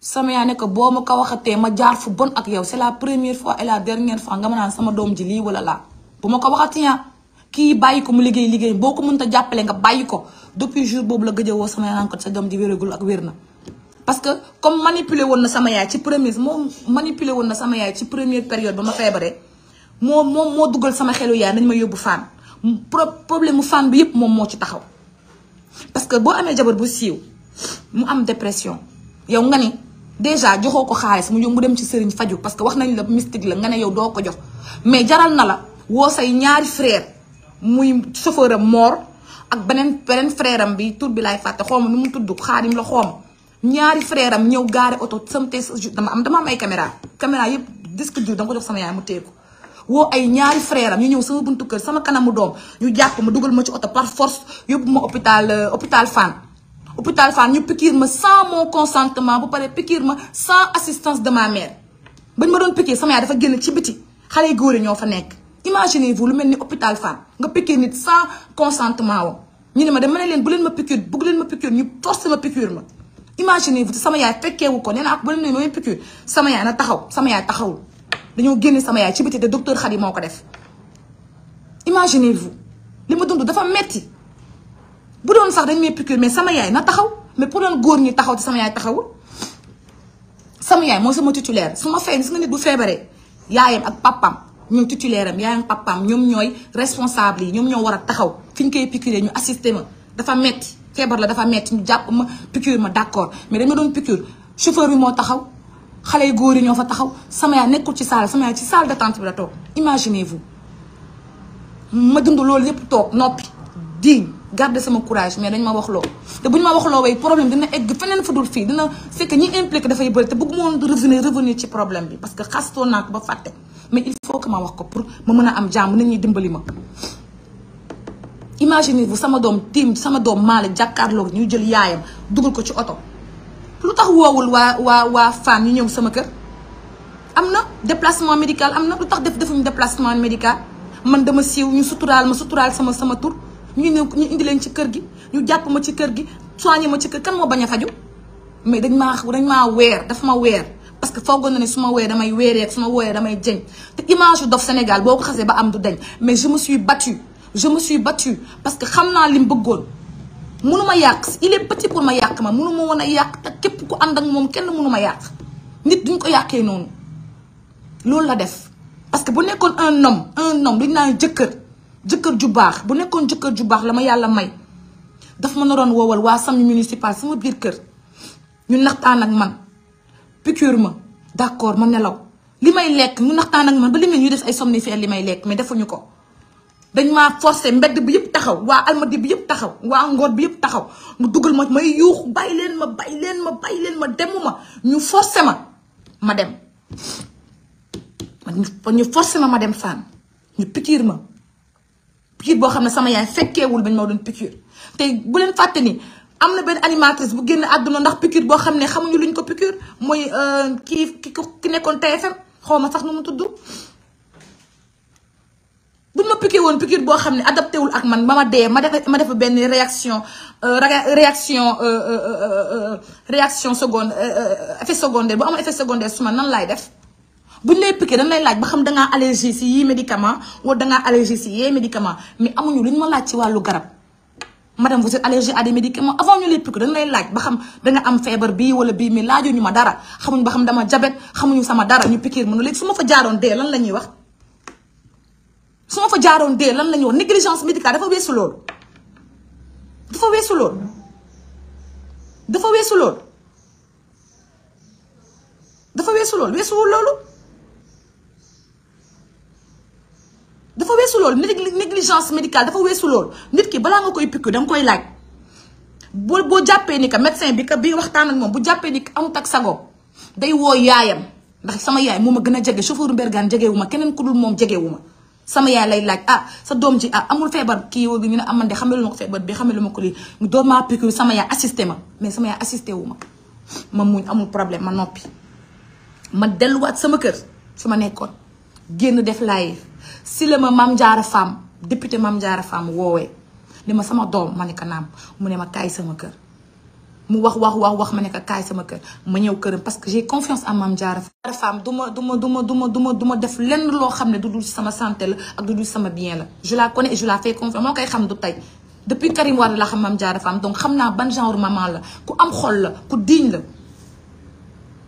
sama yaa ne ko boo ma ko waxatee ma jaar fu bon ak yow c'est la première fois et la dernière fois nga ma naan sama doom ji lii wala laa bu ma ko waxatee ah. kii bàyyi ko mu liggéey liggéey boo ko mënta jàppale nga bàyyi ko depuis jour boobu la gëj sama yaa naan ko sa ak wér na. parce que comme manipuler woon na sama yaay ci première moom manipuler woon na sama yaay ci première période ba ma feebaree moo moo moo dugal sama xelu yaay nañ ma yóbbu fan problème mu fan bi yëpp moom moo ci taxaw parce que boo amee jabar bu siiw mu am dépression yow nga ni. déjà joxoo ko xaalis mu ñëw mu dem ci sëriñ faju parce que wax nañ la mystique la nga ne yow doo ko jox mais jaral na la woo say ñaari frère muy chauffeur am moor ak beneen beneen frairam bi tur bi laay fàtte xooma nu mu tudd xaadim la xooma ñaari frère am ñëw gaare oto samte dama am dama am ay caméra caméra yëpp disque dur dama ko jox sama yaay mu téye ko woo ay ñaari frère am ñu ñëw sama buntu kër sama kanamu doom ñu jàpp ma dugal ma ci oto par force yóbbu ma hôpital euh, hôpital Fann hôpital Fann ñu pikiir ma sans mon consentement bu pare pikiir ma sans assistance de ma mère bañ ma doon pikiir sama yaay dafa génn ci biti xale góor yi ñoo fa nekk imaginez vous lu mel ni hôpital Fann nga pikiir nit sans consentement ñu ne ma dama ne leen bu leen ma pikiir bëgg leen ma pikiir ñu forcé ma pikiir ma imaginez vous sama yaay ko nee naa ak bu leen ne mooy pikiir sama yaay taxaw sama yaay taxawul dañoo génne sama yaay ci biti te docteur Khady moo ko def li ma dund dafa metti bu doon sax dañ may piqûre mais sama yaay na taxaw mais pour doon góor ñi taxaw ci sama yaay taxawul sama yaay mooy sama titulaire su ma fay gis nga bu feebaree yaayam ak papaam ñoom titulaire am yaayam papaam ñoom ñooy responsable yi ñoom ñoo war a taxaw fi ñu koy piqûre ñu assister ma dafa metti feebar dafa metti ñu jàpp ma piqûre ma d'accord mais dañ ma doon piqûre chauffeur bi moo taxaw xale yu góor yi ñoo fa taxaw sama yaay nekkul ci salle sama yaay ci salle d'attente bi la toog imaginez-vous ma dund loolu yépp toog noppi diñ garder sama courage mais dañ ma wax loo te buñ ma wax loo way problème dina egg feneen fa dul fii dina c'est que ñi impliqué dafay bëri te bëgg moon revenir revenir ci problème bi parce que xastoo naa ko ba fàtte mais il faut que ma wax ko pour ma mën a am jàmm nañuy dimbali ma imaginez bu sama doom tiim sama doom a maale jàkkaarloog ñuy jël yaayam dugal ko ci oto lu tax woowul waa waa waa femme ñu ñëw sama kër am na déplacement médical am na lu tax def defuñu déplacement médical man dama siiw ñu suturaal ma suturaal sama sama tur ñu ne ñu indi leen ci kër gi ñu jàpp ma ci kër gi soigné ma ci kër kan moo bañ a faju mais dañ maa dañ maa weer dafa ma weer parce que foogoon na ne su ma wooyee damay weeree ak su ma wooyee damay jëñ te image yu dof Sénégal boo ko xasee ba am du dañ mais je ma su battue je me suis battue parce que xam naa li mu bëggoon munu ma yàq si est petit pour ma yàq ma munu ma woon a yàq te képp ku ànd ak moom kenn munu ma yàq nit duñ ko yàqee noonu loolu la def parce que bu nekkoon un homme un homme duñ naan jëkkër ju baax bu nekkoon jëkkër ju baax la ma yàlla may daf ma naroon woowal waa sami municipal sama biir kër ñu naxtaan ak man piqûre ma d'accord ma nelaw li may lekk ñu naxtaan ak man ba li may ñu def ay somnifère li may lekk mais defuñu ko dañ maa forcé mbedd bi yëpp taxaw waa almadi bi yëpp taxaw waa ngoor bi yëpp taxaw mu dugal ma may yuux bàyyi leen ma bàyyi leen ma bàyyi leen ma demuma ñu forcé ma ma dem ñu forcé ma ma dem fann ñu piqûre ma piqûre boo xam ne sama yaay fekkeewul bañ moo doon piqûre te bu leen fàtte ni am na benn animatrice bu génnee àdduna ndax piqûre boo xam ne xamuñu luñ ko piqûre mooy euh, kii ki ki nekkoon TFM xaw ma sax nu mu tudd buñ ma piqué woon piqûre boo xam ne adapté wul ak man ba ma dee ma def ma def benn réaction euh, réaction euh, réaction seconde effet secondaire bu am effet secondaire suma nan laay def buñ lay piqué dañ lay laaj ba xam dangaa allergie si yii médicament wala dangaa allergie si yee médicament mi amuñu lu ñu ma laaj ci wàllu garab madame vous êtes allergique à des avant ñu lay piqué dañ lay laaj ba xam danga am feebar bii wala bii mais laajuñu ma dara xamuñu ba xam dama jabet xamuñu sama dara ñu piqué mënu léegi su ma fa jaaroon dee lan la ñuy wax su ma fa jaaroon dee lan la ñuy wax négligence médicale dafa weesu loolu dafa dafa weesu loolu dafa weesu loolu weesuwul dafa weesu loolu négligence médicale dafa weesu loolu nit ki balaa nga koy piqûre da koy laaj boo boo jàppee ni que médecin bi ka bi waxtaan ak moom bu jàppee ni que amut ak sago day woo yaayam ndax sama yaay moo ma gën a jege chauffeur Mbergane jegewu ma keneen ku dul moom jegewu ma sama yaay lay laaj ah sa doom ji ah amul feebar kii woo ñu ne amande ah, xamelu ma ko feebar bi lu ma ko lii doom maa piqûre sama yaay assisté ma mais sama yaay assisté wu ma muñ amul problème ma noppi ma delluwaat sama kër su ma nekkoon. génn def live si la ma Mame Diarra Fam député Mame Diarra Fam woowee li ma sama doom ma ne ko naam mu ne ma kaay sama kër mu wax wax wax wax ma ne ko kaay sama kër ma ñëw këram parce que j'ai en Mame Diarra Fam du ma ma du ma du ma du def lenn loo xam ne du sama santé la ak du dul sama bien la je la connais et moo koy xam du tey depuis Karim Wade laa xam Mame Diarra Fam donc xam naa ban genre maman la ku am xol la ku diñ la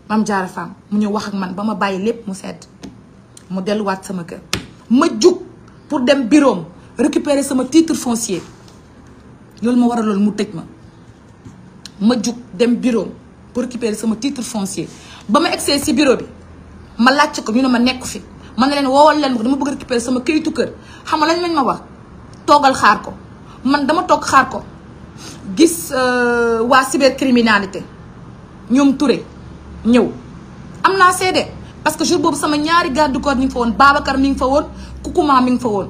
Mame Diarra Fam mu ñëw wax ak man ba ma bàyyi lépp mu sedd mu delluwaat sama kër ma jug pour dem bureau récupérer sama titre foncier loolu ma war a loolu mu tëj ma ma jug dem bureau pour récupérer sama titre foncier ba ma egsee si bureau bi ma laajte ko ñu ne ma nekku fi ma ne leen woowal leen ko dama bëgg récupérer sama këyitu kër xam nga lañ lañ ma wax toogal xaar ko man dama toog xaar ko gis euh, waa cybercriminalité ñoom ture ñëw am naa seede parce que jour boobu sama ñaari garde corps ñu ngi fa woon Babacar mi ngi fa woon Koukouma mi ngi fa woon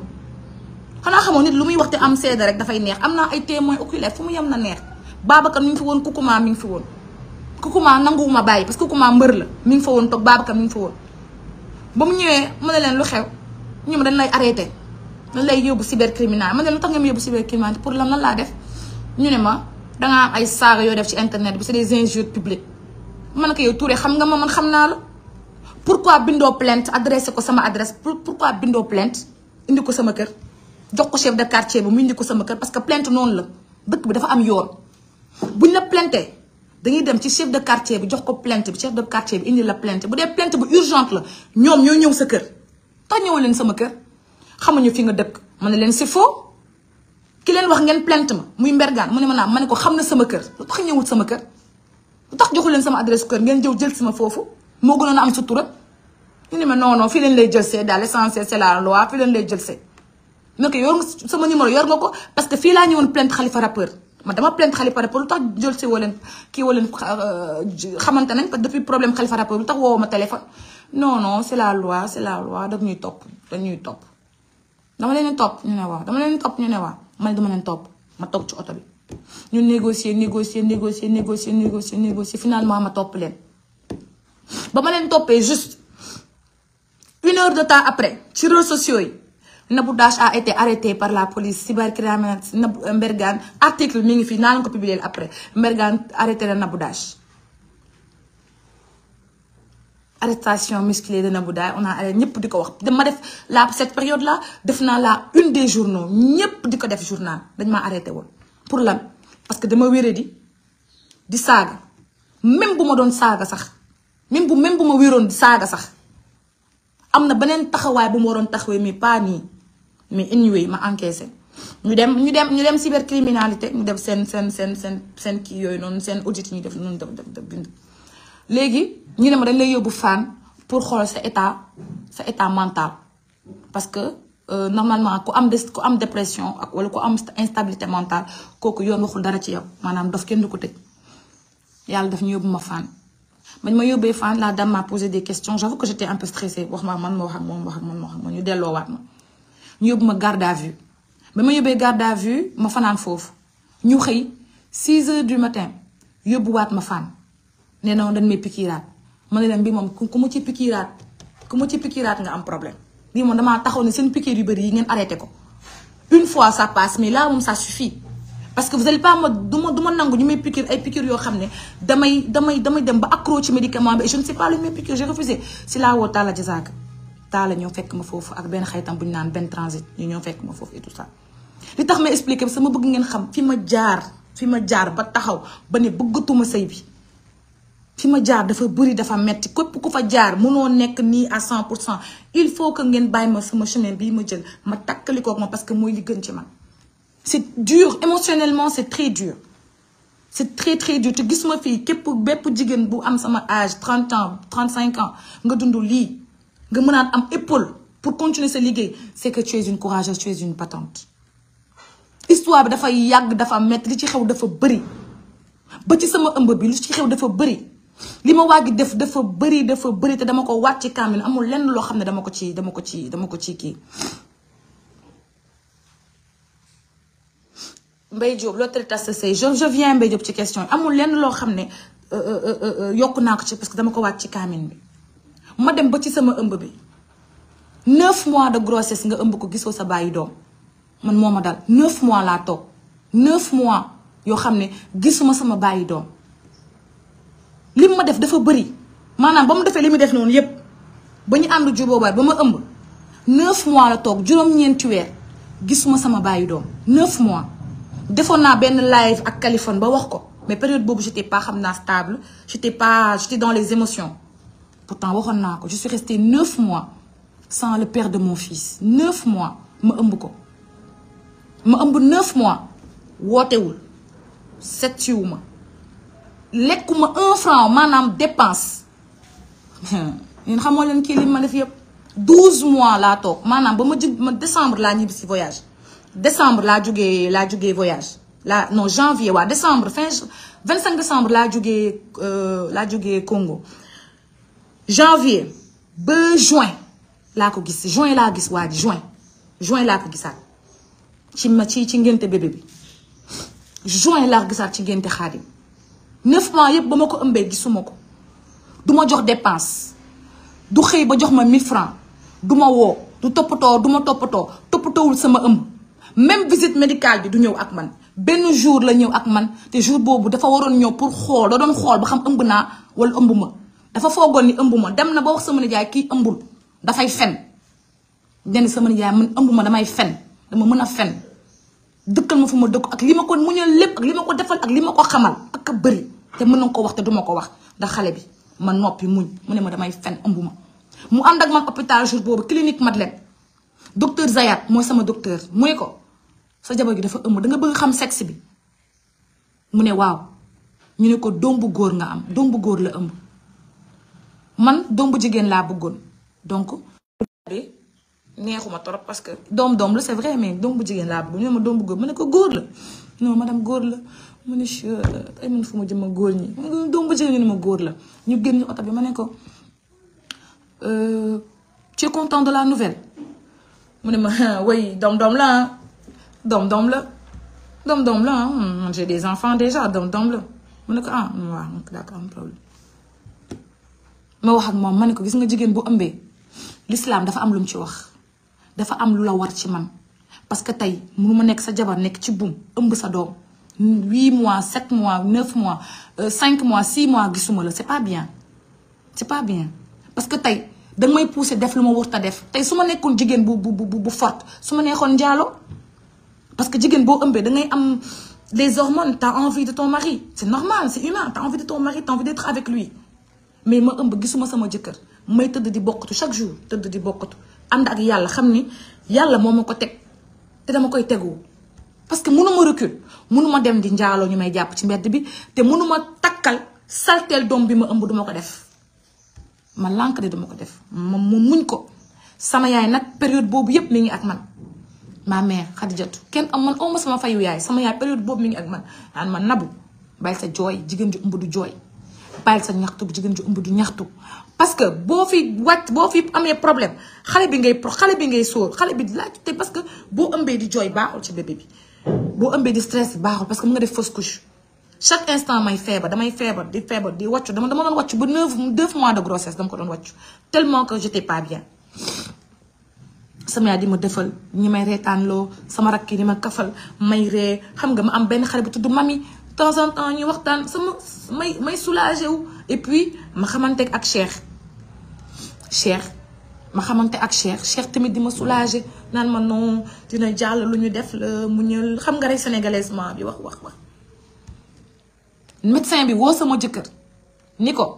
xanaa xamoon nit lu muy wax te am seede rek dafay neex am na ay témoins oculaires fu mu yem na neex Babacar mi ngi fa woon Koukouma mi ngi fa woon Koukouma nanguwuma bàyyi parce que Koukouma mbër la mi ngi fa woon toog Babacar ngi fa woon ba mu ñëwee mu ne leen lu xew ñoom dañ lay arrêté dañ lay yóbbu cybercriminel ma ne lu tax nga ma yóbbu cybercriminel pour la lan laa def ñu ne ma dangaa am ay saaga yoo def ci internet bi c'est des injures publiques man ko yow Touré xam nga ma xam naa la pourquoi bindoo plainte adressé ko sama adresse pourquoi bindoo plainte indi ko sama kër jox ko chef de quartier bi mu indi ko sama kër parce que plainte noonu la dëkk bi dafa am yoon buñ la plainté dañuy dem ci chef de quartier bi jox ko plainte bi chef de quartier bi indi la plainte bu dee plainte bu urgente la ñoom ñoo ñëw sa kër tax ñëw leen sama kër xamuñu fi nga dëkk ma ne leen c'est faux ki leen wax ngeen plainte ma muy mbergaan mu ne ma naa ma ko xam na sama kër lu tax ñëwut sama kër lu joxu leen sama adresse kër ngeen jëw jël si ma foofu moo gënoon a am sutura ñu ne ma non non fii leen lay jël see daal l'essentiel c'est la loi fii leen lay jël see mais que yor sama numéro yor nga ko parce que fii laa ñëwoon plainte Khalifa rappeur ma dama plainte Khalifa rappeur lu tax jël si woo leen kii woo leen euh, xamante nañ parce que depuis problème Khalifa rappeur lu tax woo ma téléphone non non c'est la loi c'est la loi dag ñuy topp dañuy topp dama leen topp ñu ne waaw dama leen topp ñu ne waaw man dama leen topp ma toog ci oto bi ñu négocier négocier négocier négocier négocier négocier finalement ma topp leen une heure de temps après ci réseaux sociaux yi Nabou Dash a par la police cybercriminel Nabou euh, Mbergane article mi ngi fi naa leen ko publier après Mbergane arrêté na Nabou Dash arrestation musclée de Nabou Dash on a arrêté ñëpp di ko wax dama def la cette période la def naa la une des journaux ñëpp di ko def journal dañ maa arrêté woon pour lan parce que dama wéré di di saaga même bu ma doon saaga sax même bu même bu ma wéroon di saaga sax am na beneen taxawaay bu ma waroon taxawee mais pas nii mais anyway ma encaissé ñu dem ñu dem ñu dem cybercriminalité ñu def seen seen seen seen seen kii yooyu noonu seen audit ñu def noonu def def bind. léegi ñu ne ma dañ lay yóbbu fan pour xool sa état sa état mental parce que euh, normalement ku am des ku am dépression ak wala ku am instabilité mentale kooku yoon waxul dara ci yow maanaam daf kenn du ko tëj yàlla daf ñu yóbbu ma fan. man ma yóbbee fan la dame m'a posé des questions j'avoue que j'étais un peu stressée wax ma man ma wax man ma wax ak moom ñu delloowaat ma ñu yóbbu ma garde à vue ba ma yóbbee garde à vue ma fanaan foofu ñu xëy 6 heures du matin yóbbuwaat ma fan nee na dañ may pikiiraat ma ne leen bi moom ku ma ci pikiiraat ku mu ci pikiiraat nga am problème bii moom damaa taxaw ne seen pikiir yu bëri yi ngeen arrêté ko une fois ça passe mais là moom sa suffit. parce que vous allez ma du ma du ma nangu ñu may piqûre ay piqûre yoo xam ne damay damay damay dem ba accro médicament bi et je ne sais pas lu may piqûre j'ai refusé si laa woo Talla Diazaka Talla ñoo fekk ma foofu ak benn xaytam bu ñu naan benn transit ñu ñoo fekk ma foofu et tout ça li tax ma expliqué sama bëgg ngeen xam fi ma jaar fi ma jaar ba taxaw ba ne bëggatuma sëy bi fi ma jaar dafa bëri dafa metti képp ku fa jaar mënoo nekk nii à 100 pour cent il faut que ngeen bàyyi ma sama chemin bii ma jël ma takkali kook ma parce que mooy li gën ci man c'est dur émotionnellement c'est très dur c'est très très dur te gisuma fii képp bépp jigéen bu am sama âge trente ans trente cinq ans nga dundu lii nga mën naan am épaule pour continuer sa liggéey c'est que tu es une courageuse tu es une patente histoire bi dafa yàgg dafa métti li ci xew dafa bëri ba ci sama ëmb bi li ci xew dafa bëri li ma waaj def dafa bëri dafa bëri te dama ko wàcc ci kaamil amul lenn loo xam ne dama ko ci dama ko ci dama ko ci kii mbay Diop loo traité sa say je je viens ci question yi amul lenn loo xam ne euh, euh, euh, yokk naa ko ci parce que dama ko wàcc ci kaamin bi ma dem ba ci sama ëmb bi neuf mois de grossesse nga ëmb ko gisoo sa bàyyi doom man moo ma dal neuf mois laa toog neuf mois yoo xam ne gisuma sama bàyyi doom lim ma def dafa bëri maanaam ba mu defee li mu def noonu yépp ba ñu ànd ju boobaay ba ma ëmb neuf mois la toog juróom-ñeenti weer gisuma sama bàyyi doom neuf mois. defoon naa benn live ak Kaliphone ba wax ko mais période boobu je j'étais pas xam naa stable j'étais pas j'étais dans les émotions pourtant waxoon naa ko je suis restée neuf mois sans le père de mon fils neuf mois ma ëmb ko ma ëmb neuf mois wootewul settiwu ma lekkuma un franc maanaam dépense yéen xamoo leen kii li ma def yëpp douze mois laa toog maanaam ba ma jug ma décembre laa ñibbi si voyage décembre laa jóge laa jóge voyage la non janvier waa décembre vingt 25 décembre laa jugee euh, laa jugee Congo janvier ba juin laa ko gis juin laa gis waa juin juin laa ko gisaat ci ma ci ci ngénte bébé bi juin laa ko gisaat ci ngénte Xaadim neuf mois yëpp ba ma ko ëmbee gisuma ko du ma jox dépense du xëy ba jox ma 1000 francs du ma woo du toppatoo du ma toppatoo toppatoowul sama ëmb. même visite médical bi du ñëw ak man benn jour la ñëw ak man te jour boobu dafa waroon ñëw pour xool da doon xool ba xam ëmb naa wala ëmb ma dafa foogoon ni ëmb ma dem na ba wax sama nijaay kii ëmbul dafay fen den sama nijaay man ëmb ma damay fen dama mën a fen dëkkal ma fu ma dëkk ak li ma ko muñal lépp ak li ma ko defal ak li ma ko xamal ak bëri te mën na ko wax te duma ko wax ndax xale bi ma noppi muñ mu ne ma damay fen ëmb ma mu ànd ak man hôpital jour boobu clinique Madeleine docteur Zayat mooy sama docteur mu ne ko sa jabar gi dafa ëmb da nga bëgg xam sexe bi mu ne waaw ñu ne ko doom bu góor nga am doom bu góor la ëmb man doom bu jigéen laa bëggoon donc bi neexuma trop parce que doom doom la c'est vrai doom bu jigéen laa bëgg ñu ne ma doom bu góor ne ko góor la non madame góor la mu ne ay man fu ma jëm góor ñi doom bu jigéen ñu ne ma góor la ñu génn oto bi ma ne ko euh, tu es content de la nouvelle mu ne ma way doom-doom la ah doom-doom la doom-doom la ah j'ai des enfants déjà doom-doom la mu ne ko ah waaw mu am problème ma wax moom ma ne ko gis nga jigéen bu ëmbee lislaam dafa am lu mu ci wax dafa am lu la war ci man parce que tey mënu ma nekk sa jabar nekk ci buum ëmb sa doom huit mois sept mois neuf mois euh, cinq mois six mois gisuma la c'est pas bien c'est pas bien parce que tey danga may pousser def lu ma wër ta def tey su ma nekkoon jigéen bu bu bu bu forte su ma neexoon njaalo parce que jigéen boo ëmbee da ngay am les hormones t'as envie de ton mari c'est normal c'est humain t'as envie de ton mari t'as envie d'être avec lui mais ma ëmb gisuma sama jëkkër may tëdd di bokkatu chaque jour tëdd di bokkatu ànd ak yàlla xam ni yàlla moo ma ko teg te dama koy tegu parce que mënuma recul mënuma dem di njaaloo ñu may jàpp ci mbedd bi te munuma takkal salteel doom bi ma ëmb duma ko def ma lànk de dama ko def ma ma muñ ko sama yaay nag période boobu yëpp mi ngi ak man ma mère Xadijatu kenn am man aw ma sama fayu yaay sama yaay période boobu mi ngi ak man naan ma nabu bàyyi sa jooy jigéen ju ëmb du jooy bàyyi sa ñaxtu jigéen ju ëmb du ñaxtu parce que boo fi wàcc boo fi amee problème xale bi ngay xale bi ngay sóor xale bi laajte parce que boo ëmbee di jooy baaxul ci bébé bi boo ëmbee di stress baaxul parce que mu nga def fausse couche chaque instant may feebar damay feebar di feebar di wàccu dama dama doon wàccu ba neuf deux mois de grossesse dama ko doon wàccu tellement que j'étais pas bien sama yaay di ma defal ñi may reetaanloo sama rakk yi di ma kafal may ree xam nga ma am benn xale bu ma mami temps en temps ñu waxtaan sama may may soulagé wu et puis ma xamante ak Cheikh Cheikh ma xamante ak Cheikh Cheikh tamit di ma soulagé naan ma non dina jàll lu ñu def la mu ñëw xam nga rek sénégalaisement bi wax wax wax médecin bi woo sama jëkkër ni ko